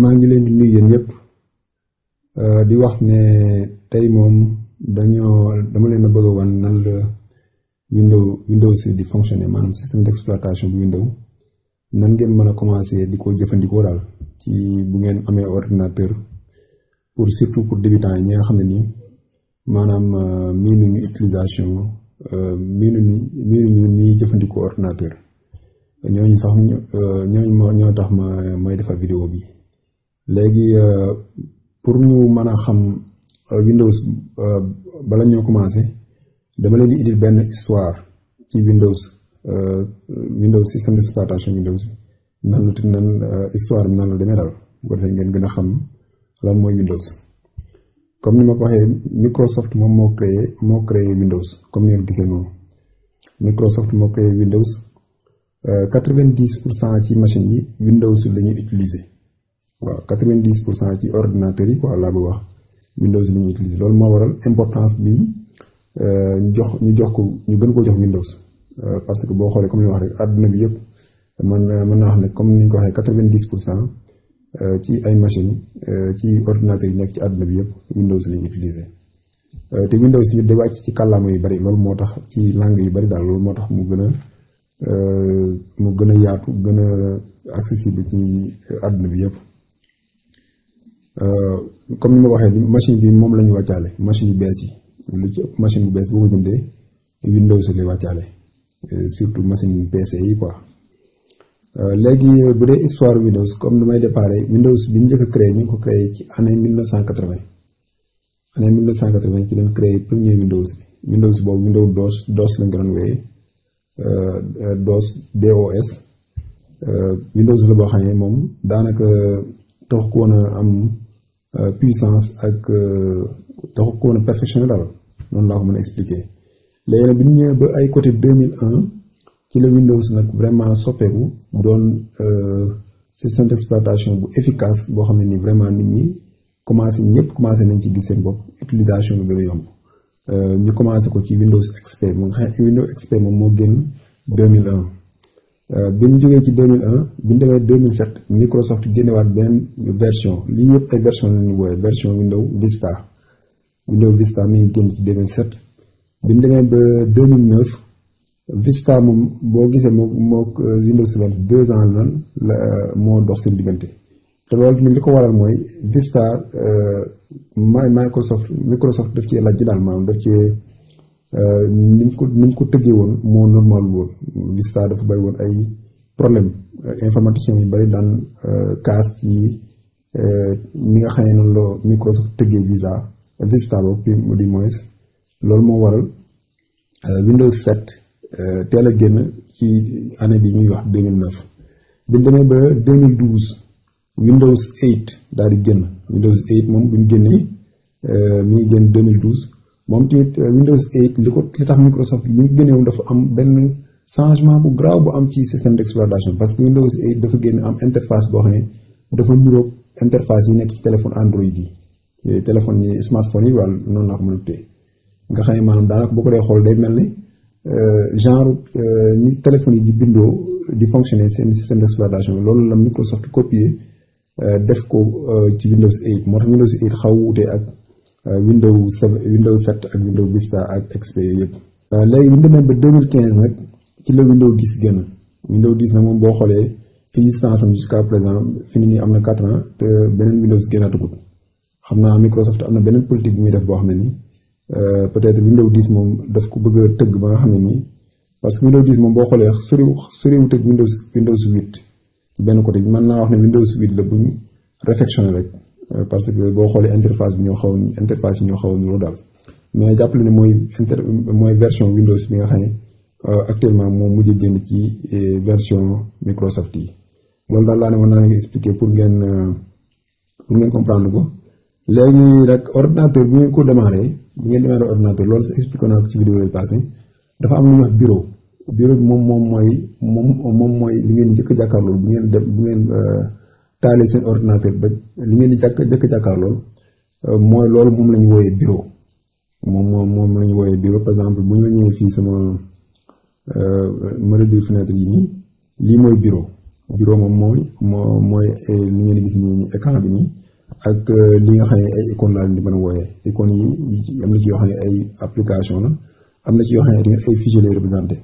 maa ngi leen di nuyu yéen yëpp euh, di wax ne tey moom dañoo dama leen a bëgg a wan nan la Windows Windows di fonctionner maanaam système d'exploitation bu Windows nan ngeen mën a commencer di ko jëfandikoo daal ci bu ngeen amee ordinateur pour surtout pour débutants yi ñi nga xam ne nii maanaam euh, miinuñu utilisation euh, miinuñu ñu nii jëfandikoo ordinateur ñooñu sax ñooñu moo ñoo tax ma may defar vidéo bi. léegi euh, pour ñu mën a xam euh, Windows euh, bala ñoo commencé dama leen di indil benn histoire ci Windows Windows système d'exploitation Windows nan la nan histoire bi nan la demee daal bu ko defee ngeen gën a xam lan mooy Windows. comme ni ma ko waxee Microsoft moom moo créé moo créé Windows comme ni ngeen gisee noonu Microsoft moo créé Windows quatre-vingt-dix pour cent ci machine yi Windows la ñuy utiliser. waaw quatre vingt dix pour cent ci ordinateurs yi quoi laa bëgg wax Windows li ñuy loolu moo waral importance bi euh, ñu jox ñu jox ko ñu gën ko jox Windows euh, parce que boo xoolee comme ni wax rek àdduna bi yëpp man mën naa wax ne comme ni ñu ko waxee quatre vingt dix pour cent euh, ci ay machines ci ordinateurs yi nekk ci àdduna bi yëpp Windows la ñuy utiliser. te Windows yi day wàcc ci kàllaama yu bari loolu moo tax ci langue yu bari daal moo tax mu gën a mu gën a yaatu gën a accessible ci àdduna bi yëpp. Euh, comme ni ma waxee ni machine bi moom la ñu wàccaale machine yu bees yi lu ci ëpp machine bu bees boo ko jëndee Windows lay wàccaale euh, surtout machine PC yi quoi. Euh, léegi bu dee histoire Windows comme ni may déparé Windows bi ñu njëkk a ñu ngi ko créé ci année 1980 année 1980 ci leen créé premier Windows bi Windows boobu Windows DOS DOS lañ ko doon wooyee DOS DOS Windows la boo xam ne moom daanaka tax ko woon a am. Euh, puissance ak euh, taxu ko woon perfectionné daal noonu laa ko mën a expliquer léegi nag bi ñu ñëwee ba ay côté 2001 ci la Windows nag vraiment soppeeku doon euh, seen d'exploitation bu efficace boo xam ne ni vraiment nit ñi commencé ñëpp commencé nañ ci gis seen bopp utilisation bu gën a yomb ñu commencé ko ci Windows XP mu nga xam Windows XP moom moo génn 2001. Euh, bi ñu jógee ci 2001 bi ñu demee 2007 Microsoft génnewaat benn version lii yëpp ay version la ñu wooyee version Windows Vista Windows Vista mi ngi génn ci 2007 bi ñu demee ba 2009 Vista moom boo gisee moo moo euh, Windows 7 deux ans lan la euh, moo dox seen diggante te loolu mu li ko waral mooy Vista maay Microsoft Microsoft daf ci laaj daal maanaam daf cee. Euh, ni mu ko ni ko tëggee woon moo normal woon lista dafa bari woon ay problème euh, informaticien euh, yi bëri daan kaas ci mi nga xam ne noonu la Microsoft tëggee visa vista boobu du moins loolu moo waral Windows 7 teel a génn ci année bi ñuy wax 2009 bi demee ba 2012 Windows 8 daal di génn Windows 8 moom bu ñu génnee mi ngi génn 2012. moom tamit euh, Windows 8 li ko li tax Microsoft li ñu génneewoon dafa am benn changement bu graaw bu am ci système d' exploitation parce que Windows 8 dafa génn am interface boo xam ne dafa niroog interface yi nekk ci téléphone Android yi téléphone yi smartphone yi wàllu noonu laa ko mën a tuddee nga xam ne maanaam daanaka boo ko dee xool day mel ni euh, genre euh, ni téléphone yi di bindoo di fonctionner seen système d' exploitation loolu la Microsoft copier def ko ci Windows 8 moo tax Windows 8 xaw wuute ak. Windows 7 Windows ak Windows Vista ak XP yëpp. Euh, léegi bu ñu demee ba 2015 nag ci la Windows 10 génn Windows 10 nag moom boo xoolee existence am jusqu'à présent fi mu ne nii am na 4 ans te beneen Windows génnaatugul xam naa Microsoft am na beneen politique bu muy def boo xam ne nii euh, peut-être Windows 10 moom daf ko bëgg a tëgg ba nga xam ne nii parce que Windows 10 moom boo xoolee sori soriwut ak Windows Windows 8 ci benn côté bi mën naa wax ne Windows 8 la bu ñu réfectionné rek. Euh, parce que boo xoolee interface bi ñoo xaw interface yi ñoo xaw daal mais jàppale ne mooy inter mooy version Windows bi nga xam ne euh, actuellement moom mujj génn ci euh, version Microsoft yi loolu daal laa ne mën naa leen expliquer pour ngeen pour ngeen comprendre ko léegi rek ordinateur bu ngeen ko démarré bu ngeen démarré ordinateur loolu sa expliqué naa ko ci vidéo yi passé dafa am lu ñuy wax bureau bureau bi moom moom mooy moom moom mooy li ngeen njëkk a jàkkaarloo bu ngeen def bu ngeen. taalee seen ordinateur ba li ngeen di jàkk jëkk jàkkaar lool euh, mooy loolu moom la ñu wooyee bureau moom moom moom la ñu wooyee bureau par exemple bu ñu ñëwee fii sama euh, mëre di fenêtre mooy bureau bureau moom mooy moo mooy euh, li ngeen di gis nii ni écran bi nii ak li nga xam ne ay icônes laa leen di mën a wooyee icônes yi am na ci yoo xam ne ay application la am na ci yoo xam ay fichier lay représenté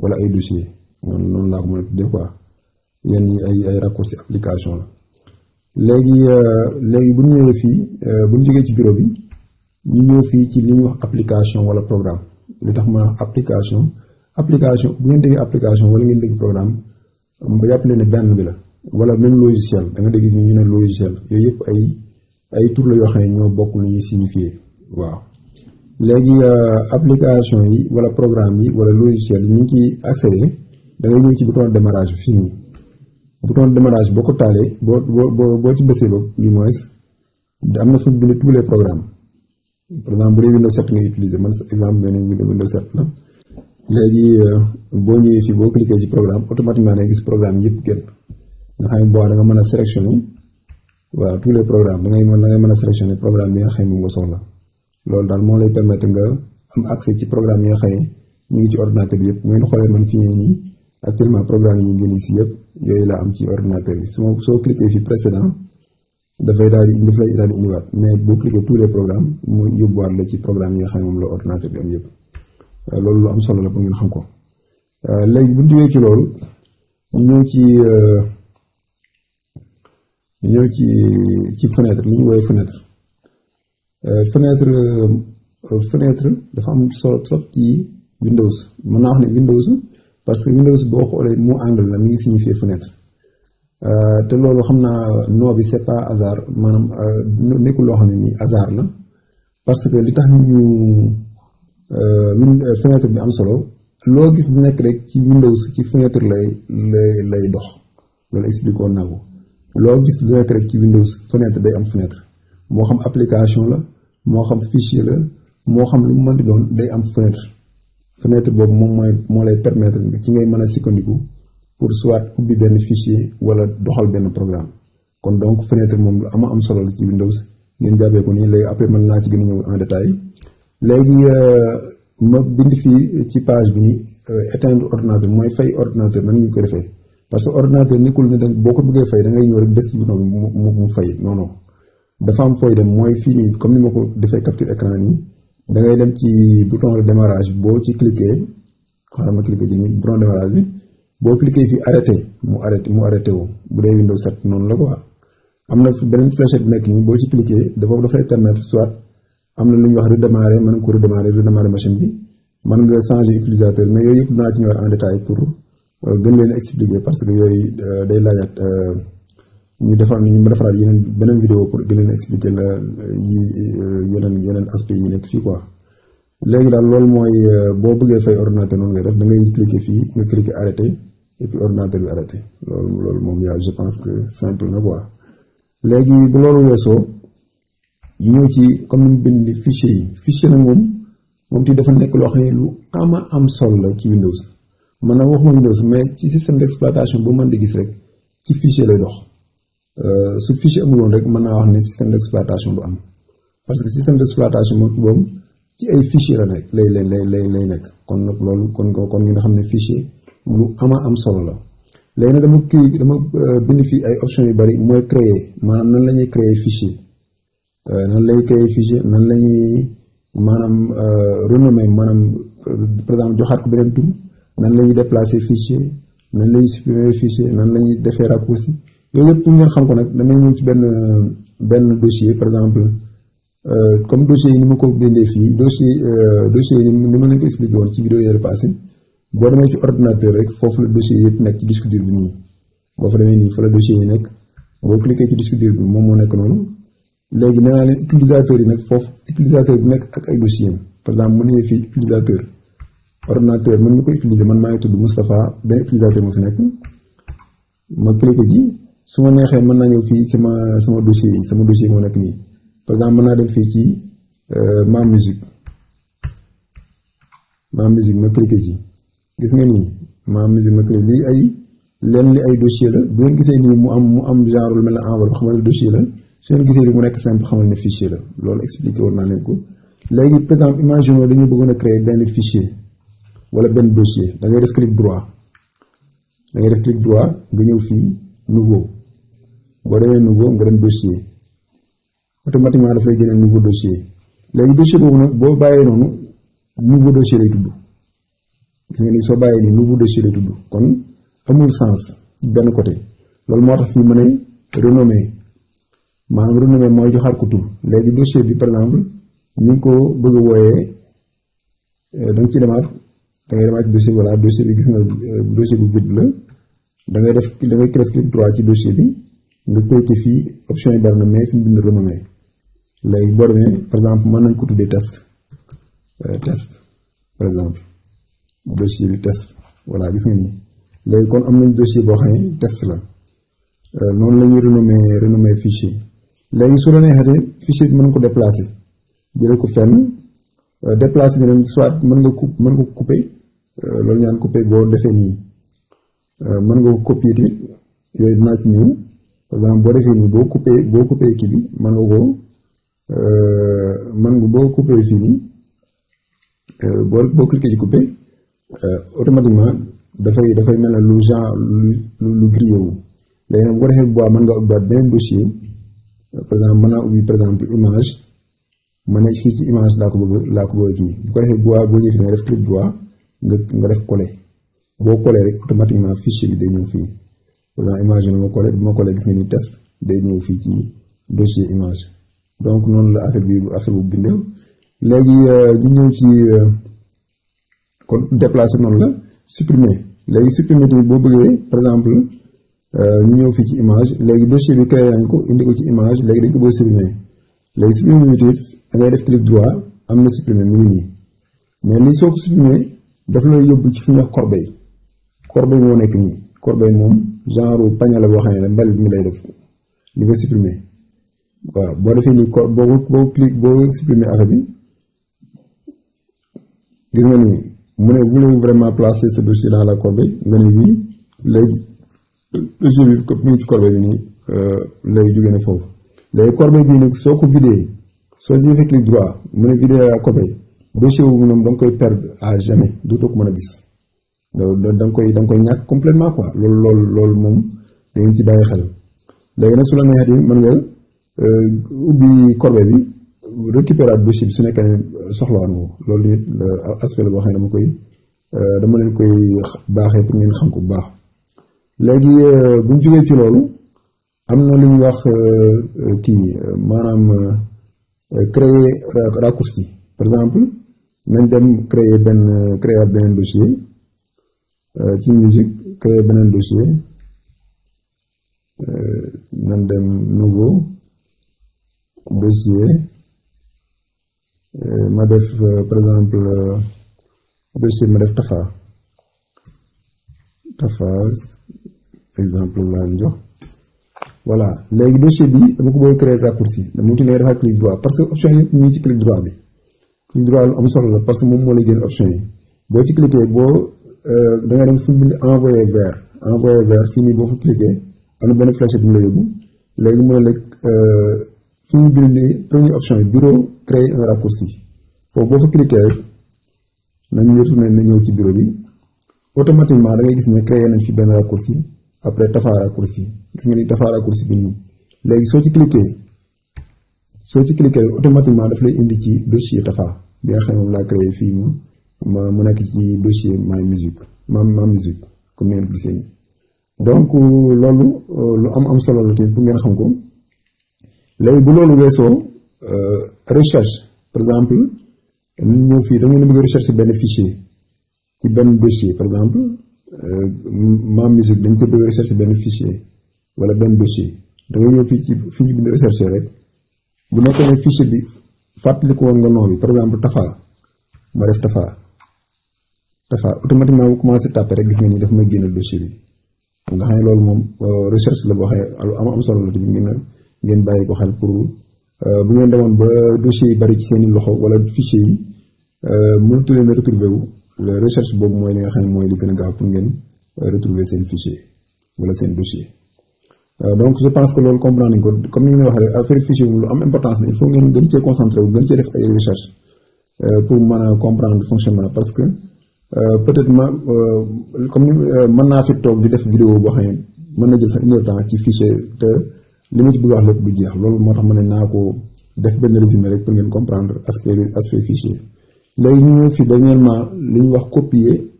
wala ay dossier noonu noonu laa ko mën a tuddee quoi yenn ay ay application la léegi euh, léegi bu ñëwee fii euh, bu ñu jógee ci bureau bi ñu ñëw fii ci li ñuy wax application wala programme lu tax ma application application bu ngeen déggee application wala ngeen dégg programme ba jàpp leen ne benn bi la wala même logiciel da nga dégg ñu ne logiciel yooyu yëpp ay ay tur la yoo xam ne ñoo bokk lu ñuy signifier waaw léegi euh, application yi wala programme yi wala logiciel yi ñu ngi ciy accéder da ngay ñëw ci bouton démarrage bi fii nii. bouton de démarrage boo ko taalee boo boo boo ci bësee ba du moins am na fu mu bind tous les programmes par exemple bu dee Windows 7 ngay utiliser man exemple beneen Windows 7 la léegi euh, boo ñëwee fii boo cliqué ci programme automatiquement da gis programme yëpp génn nga xam ne nga mën a sélectionner waaw tous les programmes da ngay mën da ngay mën a sélectionner programme yi nga xam ne moom nga soxla loolu daal moo lay permettre nga am accès ci programme yi nga xam ne ñu ngi ci ordinateur bi yëpp bu ngeen xoolee man fii nii. actuellement programme yi ngeen si yooyu laa am ci ordinateur bi su ma soo cliqué fi précédent dafay daal di daf lay daal di indiwaat mais boo cliqué tous les programmes mu yóbbuwaat la ci programme yi nga xam moom la ordinateur bi am yëpp euh, loolu lu am solo la pour ngeen xam ko euh, léegi bu ñu jógee ci loolu ñu ñëw ci euh, ñu ñëw ci ci fenêtre li ñu woowee fenêtre fenêtre fenêtre dafa am solo trop ci Windows mën naa wax ne Windows. parce que Windows boo xoolee mot anglais la mi ngi signifier fenêtre euh, te loolu xam naa noo bi c'est pas hasard maanaam euh, nekkul loo xam ne nii hasard la parce que li tax ñu euh, fenêtre bi am solo loo gis nekk rek ci Windows ci fenêtre lay lay lay dox loolu expliqué woon loo gis nekk rek ci Windows fenêtre day am fenêtre moo xam application la moo xam fichier la moo xam lu mu mën di doon day am fenêtre. fenêtre boobu moom mooy moo lay permettre ci ngay mën a sukkandiku pour soit ubbi benn fichier wala doxal benn programme kon donc fenêtre moom lu am am solo la ci Windows ngeen jàppee ko nii léegi après mën naa ci gën a ñëw en détail léegi euh, ma bind fii ci page bi ni euh, éteindre ordinateur mooy fay ordinateur nan ñu ko defee parce que ordinateur nekkul ne da boo ko bëggee fay da ngay ñëw rek bés bi mu mu fay non dafa am fooy dem mooy fii nii comme ni ma ko defee capture écran nii. da ngay dem ci bouton de boo ci cliquer xaaral ma ci nii bouton démarrage bi boo cliquer fii arrêté mu arrêté mu arrêté wu bu dee Windows set noonu la quoi am na beneen flèche bu nekk nii boo ci cliquer dafa dafay permettre soit am na lu ñuy wax redémarrer mën nga ko redémarrer redémarrer machine bi man nga changer utilisateur mais yooyu yëpp dinaa ci ñëwaat en détail pour euh, gën leen expliquer parce que yooyu euh, day laajaat. Euh, ñu defaraat ñu ma defaraat yeneen beneen vidéo pour gën leen expliquer la yi yeneen yeneen aspect yi nekk fii quoi léegi daal loolu mooy euh, boo bëggee fay ordinateur noonu ngay def da cliquer fii nga cliquer arrêté et puis ordinateur bi arrêté loolu moom yaa je pense que simple na quoi léegi bu loolu weesoo ñu ñëw ci comme ni bind fichier yi fichier nag moom moom ti dafa nekk loo xam ne lu ama am solo la ci Windows maanaam waxuma Windows mais ci système d'exploitation bu mën di gis rek ci fichier lay dox Euh, su fichier amul woon rek mën naa wax ni système d' exploitation du am parce que système d' moom ci ay fichier la nekk lay lay lay lay nekk kon nag loolu kon kon nga xam ne fichier lu ama am solo la. léegi nag dama kii dama euh, bind fii ay options yu bari mooy créer maanaam nan la ñuy créer fichier euh, nan lay créer fichier nan la ñuy maanaam renommer maanaam par exemple joxaat ko beneen tur nan la ñuy déplacer fichier nan la ñuy supprimer nan la ñuy defee raccourci. yooyu yëpp ngeen xam ko nag damay ñëw ci benn benn dossier par exemple euh, comme dossier yi ni ma ko bindee fii dossier euh, dossier yi ni ma leen ko expliqué woon ci vidéo yële passé boo demee ci yëpp nekk ci disque bi nii boo fa demee nii fa la dossier yi nekk boo cliqué ci disque dur bi moom moo nekk noonu léegi nee naa leen utilisateur yi nag foofu utilisateur bi nekk ak ay dossier par exemple mën nañu fii utilisateur ordinateur mën na ko utiliser man maa ngi tudd Moustapha benn utilisateur moo fi nekk su ma neexee mën naa ñëw fii sama sama yi sama dossier moo nekk nii par exemple mën naa dem fii ci euh, ma musique ma musique ma cliqué ci gis nga nii mam musique ma cliqué lii ay lenn li ay dossier la bu ngeen gisee nii mu am mu am genre lu mel ne envol xamal ne dossier la su ngeen gisee nii mu nekk simple xamal ne fichier la loolu expliqué woon naa leen ko léegi par exemple imaginons dañu bëggoon a créer benn fichier wala benn dossier da ngay def clic droit da ngay def clic droit nga ñëw fii nouveau boo demee nouveau nga dem dossier automatiquement dafay génne nouveau dossier léegi dossier boobu nag boo bàyyee noonu nouveau dossier lay tudd gis nga ni soo bàyyee nii nouveau dossier lay tudd kon amul sens benn côté loolu moo tax fii mu ne renommé maanaam renommé mooy joxaat ko tur léegi dossier bi par exemple ñu ko bëgg a wooyee euh, da nga ciy demaat da ngay demaat ci dossier bi voilà dossier bi gis nga euh, dossier bu vide la da ngay def da ngay def ci dossier bi. nga cliquer fii option yi bari na mais fi mu bind renommé léegi boo demee par exemple mën nañ ko tuddee test euh, test par exemple dossier bi test voilà gis nga nii léegi kon am nañ dossier boo xam test la euh, noonu lañuy ñuy renommé renommé fichier léegi su la neexee fichier bi mën ko déplacer jële ko fenn euh, bi beneen soit mën nga coup mën ko couper loolu ñaan couper boo defee nii mën nga ko copier tamit yooyu dinaa ñëw. par exemple boo defee nii boo coupé boo coupé kii bi man nga ko euh, mën nga boo coupé fii nii euh, boo boo cliqué ci coupé euh, automatiquement dafay dafay mel ne lu genre lu lu grillé wu nag bu ko defee bu baax mën nga ubbiwaat beneen dossier par exemple mën naa ubbi par exemple image ma ne fii ci image laa ko bëgg laa ko bëgg kii bu ko defee bu baax boo ñëwee nga def clic droit nga def coller boo coller rek automatiquement fichier bi day ñëw fii. wala image ma collé bi ma collé gis donc noonu la affaire bi léegi euh, euh, kon déplacer noonu la supprimer léegi supprimer tamit boo par exemple euh, ñu ñëw fii ci image léegi dossier bi créé nañ ko indi ko ci image léegi dañ ko bëgg léegi supprimer bi tamit da ngay def clic droit am na supprimer mu ngi nii mais lii soo ko supprimer daf lay yóbbu ci fu ñuy wax corbeille corbeille moo nekk nii corbeille moom genre pañe la boo xam ne mbalit mi lay def ñu ko supprimer waaw boo defee nii ko boo boo clic boo supprimer affaire bi gis nga nii mu ne voulez vraiment placer ce dossier dans la corbeille nga ne oui léegi dossier bi mi ngi ci euh, foofu léegi corbeille bii nag soo ko vidé soo defee clic droit mu ne vidé la corbeille dossier boobu noonu da koy perdre à jamais dootoo ko mën a gis. loolu da nga koy da nga koy ñàkk complètement quoi loolu loolu loolu moom da ngeen ci bàyyi xel léegi nag su la neexee man mën nga euh, ubbi corbe bi récupérer dossier bi su nekkee euh, soxla soxlawaan ko loolu tamit euh, aspect la boo xam ne dama koy dama leen koy baaxee pour ngeen xam ko bu baax. léegi buñ ñu jógee ci loolu am na lu ñuy wax kii maanaam créer raccourci par exemple nañ dem créer benn créer benn dossier. Euh, ci musique créer beneen dossier euh, nan dem nouveau dossier euh, ma def par exemple dossier ma def tafa tafa exemple laa leen jox voilà léegi dossier bi dama ko bëgg créer raccourci dama tudd nga defal clic droit parce que option ngi ci clic droit bi clic droit lu am solo la parce que moom moo lay génn option yi boo ci cliquer boo Euh, da ngay dem fu mu bind envoyé vers envoyé vers fii nii boo fa cliqué am na benn flèche bu mu la yóbbu léegi mu ne la euh, fi ñu bind nii première option bi bureau créer un raccourci foofu boo fa cliqué rek nañ retourné na ñëw ci bureau bi automatiquement da gis ne créé nañ fi benn raccourci après tafa raccourci gis nga ni tafa raccourci bi nii léegi soo ci cliqué soo ci cliqué rek automatiquement daf lay indi ci dossier tafa bi nga xam ne fii ma mu nekk ci dossier My Musique ma ma musique comme ni ngeen ko gisee nii donc loolu euh, lu am am solo la tamit bu ngeen xam ko léegi bu loolu weesoo euh, recherche par exemple ñun ñëw fii da ngeen a bëgg recherche benn fichier ci par exemple euh, ma musique dañ ci bëgg recherche benn fichier wala benn dossier da nga ñëw fii ci fii ci bind recherche rek bu nekkoon ne fichier bi fàttali ko nga noom bi par exemple Tafa ma def Tafa. dafa automatiquement bu commencé tàppe rek gis nga ni daf may génne dossier bi nga xam loolu moom euh, recherche la boo xam am am solo la tamit ngeen ngeen bàyyi ko xel pour euh, bu ngeen demoon ba dossier yi bari ci seen loxo wala fichier yi euh, mënatu mooy li nga xam mooy li gën a gaaw pour ngeen retrouver seen fichier wala seen dossier donc je pense que loolu comprendre ko comme ni nga waxee rek affaire lu am importance la il faut ngeen gën cee concentré wu gën cee def ay recherche parce que Euh, peut-être ma euh, comme euh, mën naa fi toog di def vidéo boo xam ne mën na jël sax une heure temps ci fichier te li ma ci bëgg wax lépp jeex loolu moo tax ma ne naa ko def benn résumé rek pour ngeen comprendre aspect aspect fichier. léegi ñu ñëw fi dernièrement li ñu wax copier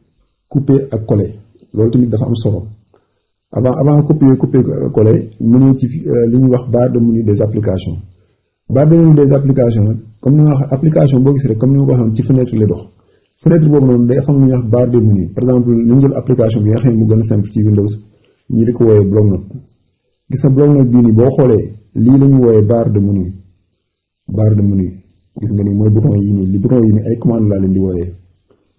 couper ak coller loolu tamit dafa am solo avant avant copier couper coller mu ñëw ci li ñuy wax barre de menu des applications barre de menu des applications comme ni ma boo gis rek comme ni ma ko waxoon ci fenêtre lay dox. fenêtre boobu noonu day xam lu ñuy wax barre de menu par exemple nañ jël application bi nga xam mu gën a simple ci Windows ñu di ko wooyee bloc note gis nga nii boo xoolee lii la ñu wooyee barre de menu barre de menu gis nga ni mooy bouton yi nii li bouton yi nii ay commande laa leen di wooyee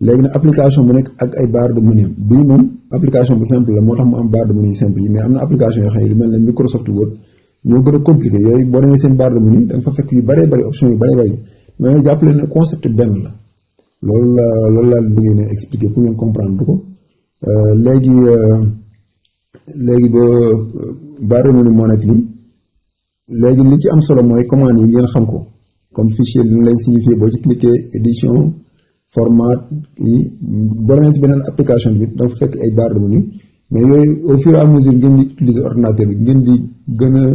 léegi nag application bu nekk ak ay barre de menu bii moom application bu simple la moo tax mu am barre de menu simple yi mais am na application yoo xam ne lu mel ne Microsoft Word ñoo gën a compliqué yooyu boo demee seen barre de menu da nga yu bëree bëri option benn la. loolu la loolu laa bëggee ne expliquer pour ngeen comprendre ko euh, léegi euh, léegi ba euh, barre menu moo nekk nii léegi li ci am solo mooy commande yi ngeen xam ko comme fichier li lay signifié boo ci cliquer édition format yi beneen application bi da fekk ay barre de menu mais yooyu au fur et à mesure ngeen di utiliser ordinateur bi ngeen di gën a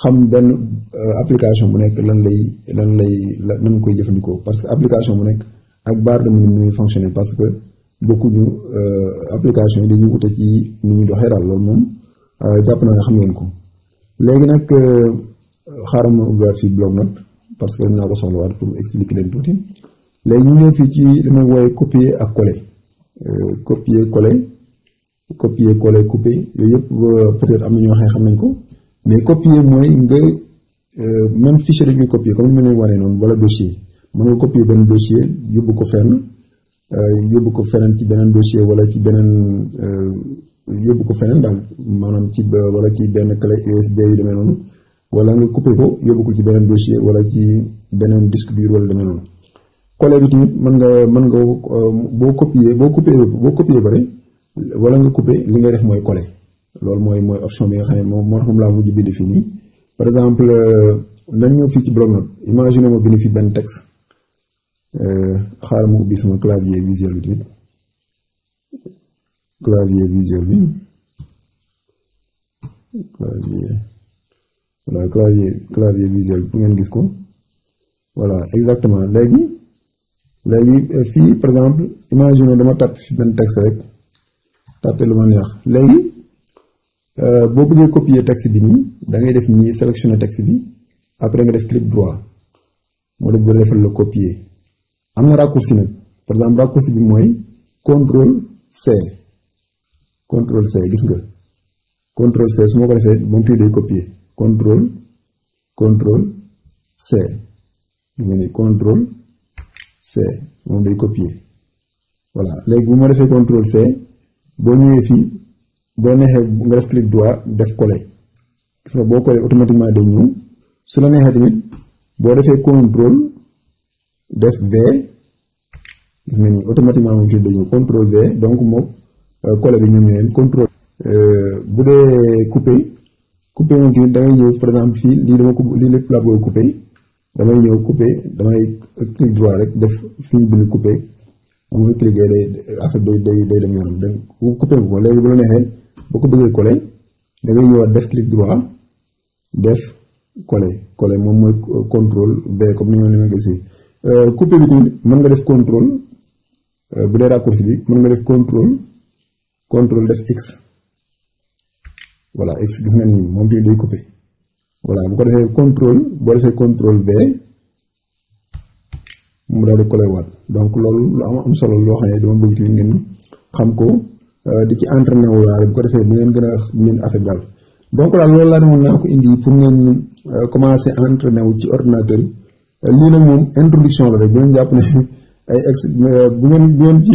xam benn application bu nekk lan lay lan lay lan koy jëfandikoo parce que application bu nekk. ak barre de menu muy fonctionner parce que bokkuñu euh, application yi dañuy wute ci ni ñu doxee daal loolu moom euh, jàpp na nga xam ngeen ko léegi nag euh, xaaral ma ouvert fii bloc note parce que naa ko soxlawaat pour expliquer leen tuuti léegi ñu ñëw ci li may wooye copier ak coller copier coller copier yëpp peut am na ñoo xam ne xam nañ ko mais copier mooy nga noonu wala dossier mën nga copier benn dossier yóbbu ko fenn euh, yóbbu ko feneen ci beneen dossier walla ci beneen euh, yóbbu ko feneen daal maanaam ci wala ci benn clé USB yu demee noonu wala nga copier ko yóbbu ko ci beneen dossier wala ci beneen disque dur wala demee noonu. collé bi tamit mën nga mën nga euh, boo copier boo copier boo copier ba pare wala nga copier li ngay def mooy collé loolu mooy mooy option bi nga xam moom moo tax moom laa mujj bind fii nii par exemple nañ ñëw fii ci bloc note imagine ma benn texte. Euh, xaaral ma bi tamit clavier visuel bi clavier voilà clavier clavier visuel bi ngeen gis ko voilà exactement léegi léegi euh, fii par exemple imaginez dama tàpp fi benn texte rek tàppe lu ma neex léegi euh, boo bëggee copier texte bi nii da def nii sélectionner texte bi après nga def clic droit moo def bu defal la copier. am na raccourci nag par exemple raccourci bi mooy contrôle C contrôle C gis nga contrôle C su ma ko defee moom fii day copier contrôle contrôle C gis nga ni contrôle C voilà léegi bu ma defee C boo ñëwee fii boo neexee nga def clic droit def coller gis boo coller automatiquement day ñëw su la neexee tamit boo defee contrôle. def V gis nga ni automatiquement moom ci dañu contrôle donc moom euh, colle bi ñoom ñooyeen contrôle euh, bu dee coupé coupé moom tamit ñëw par exemple fii lii dama ko lii lépp laa bëgg coupé damay ñëw droit rek def fii bi ñu coupé mu ngi cliqué day def clic droit def collé collé moom mooy euh, contrôle V comme ni ma leen ko gisee. Euh, coupé bi tamit mën nga def contrôle euh, bu dee raccourci bi mën nga def contrôle contrôle def x voilà x gis nga nii moom tamit day coupé voilà bu ko defee contrôle boo defee contrôle V mu daal di collé waat donc loolu lu am am solo loo xam ne dama bëgg tamit ngeen xam ko euh, di ci entraîné wu daal bu ko defee da ngeen gën a mën affaire daal donc daal loolu laa demoon naa ko indi pour ngeen commencer entraîné wu ci ordinateur lii nag moom introduction la rek bu leen jàpp ne ay ex bu ngeen bu ngeen ci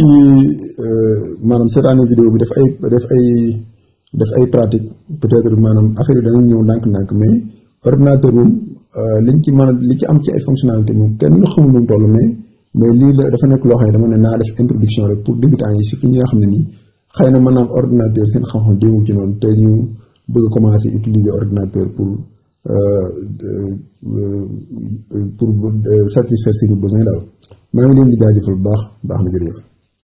euh, maanaam seetaane vidéo bi def ay def ay def ay pratique peut-être maanaam affaire yi danañ ñëw ndànk-ndànk mais ordinateur moom euh, ci mën li ci am ci ay fonctionnalité moom kenn xamul lu mu toll mais mais lii la dafa nekk loo xam ne dama ne naa def introduction rek pour débutants yi surtout ñi nga xam ne ni xëy na mën naa am ordinateur seen xam-xam déwu ci noonu te ñu bëgg a commencer utiliser ordinateur pour Euh, euh, pour satisfaire seeni besoin daal maa ngi leen di jaajëfal bu baax baax na jërëjëf